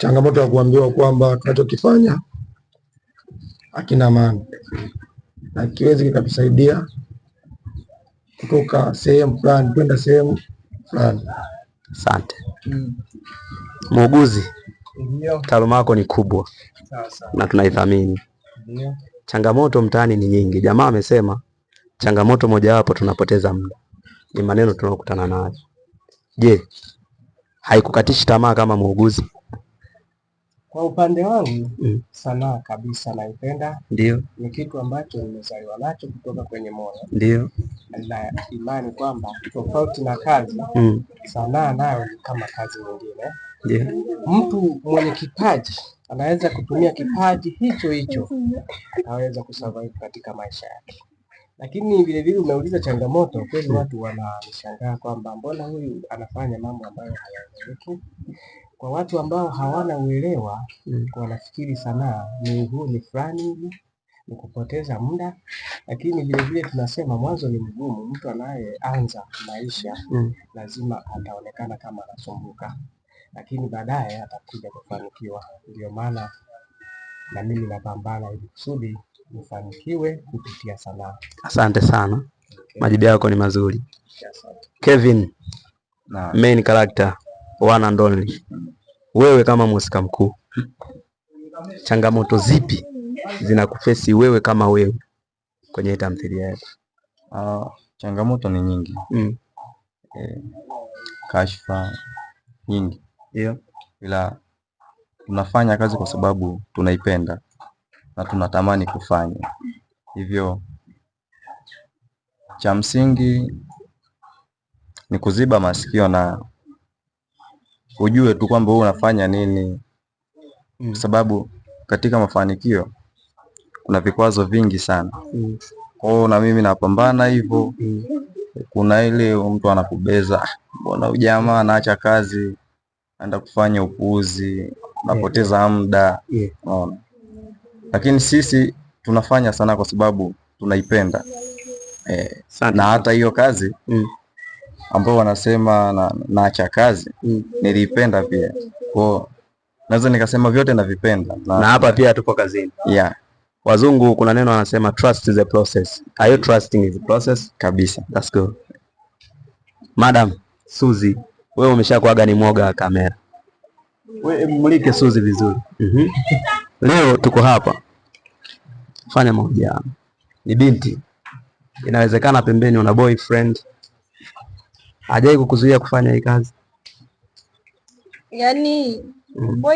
changamoto ya kuambiwa kwamba tunachokifanya hakina maana na kiwezi kikatusaidia kutoka sehemu fulani kwenda sehemu fulani. Asante mm. muuguzi. mm. Taaluma yako ni kubwa sasa, na tunaithamini. Changamoto mtaani ni nyingi. Jamaa amesema changamoto mojawapo tunapoteza muda, ni maneno tunayokutana nayo. Je, haikukatishi tamaa kama muuguzi? Kwa upande wangu mm. sanaa kabisa naipenda, ndio ni kitu ambacho nimezaliwa nacho kutoka kwenye moyo, ndio na imani kwamba tofauti na kazi mm. sanaa nayo ni kama kazi nyingine. ndio Mtu mwenye kipaji anaweza kutumia kipaji hicho hicho akaweza kusurvive katika maisha yake, lakini vilevile umeuliza changamoto kweli, mm. watu wanashangaa kwamba mbona huyu anafanya mambo ambayo hayaeleweki, kwa watu ambao hawana uelewa mm. wanafikiri sanaa ni uhuni fulani hivi ni kupoteza muda, lakini vilevile tunasema mwanzo ni mgumu. Mtu anayeanza maisha mm. lazima ataonekana kama anasumbuka, lakini baadaye atakuja kufanikiwa. Ndio maana na mimi napambana ili kusudi nifanikiwe kupitia sanaa. Asante sana, okay. Majibu yako ni mazuri. Yes, Kevin, main character one and only wewe kama mhusika mkuu, changamoto zipi zinakufesi wewe kama wewe kwenye tamthilia yako? Uh, changamoto ni nyingi mm. E, kashfa nyingi yeah. Ila tunafanya kazi kwa sababu tunaipenda na tunatamani kufanya hivyo. Cha msingi ni kuziba masikio na ujue tu kwamba wewe unafanya nini, kwa mm. sababu katika mafanikio kuna vikwazo vingi sana. Mm. Kwa na mimi napambana hivyo. Mm. Kuna ile mtu anakubeza, ah, mbona ujamaa anaacha kazi anaenda kufanya upuuzi, napoteza muda, unaona. Lakini sisi tunafanya sana kwa sababu tunaipenda eh, na hata hiyo kazi mm ambao wanasema na, na kazi mm. nilipenda pia kwa naweza nikasema vyote navipenda na, na hapa pia tupo kazini yeah. Wazungu kuna neno wanasema trust is a process. Are you trusting is a process? Kabisa. That's good. Madam Suzi, wewe umeshakuaga ni mwoga wa kamera, wewe mmulike Suzi vizuri mm -hmm. Leo tuko hapa fanya mahojiano, ni binti, inawezekana pembeni una boyfriend hajai kukuzuia kufanya hii kazi yani mm.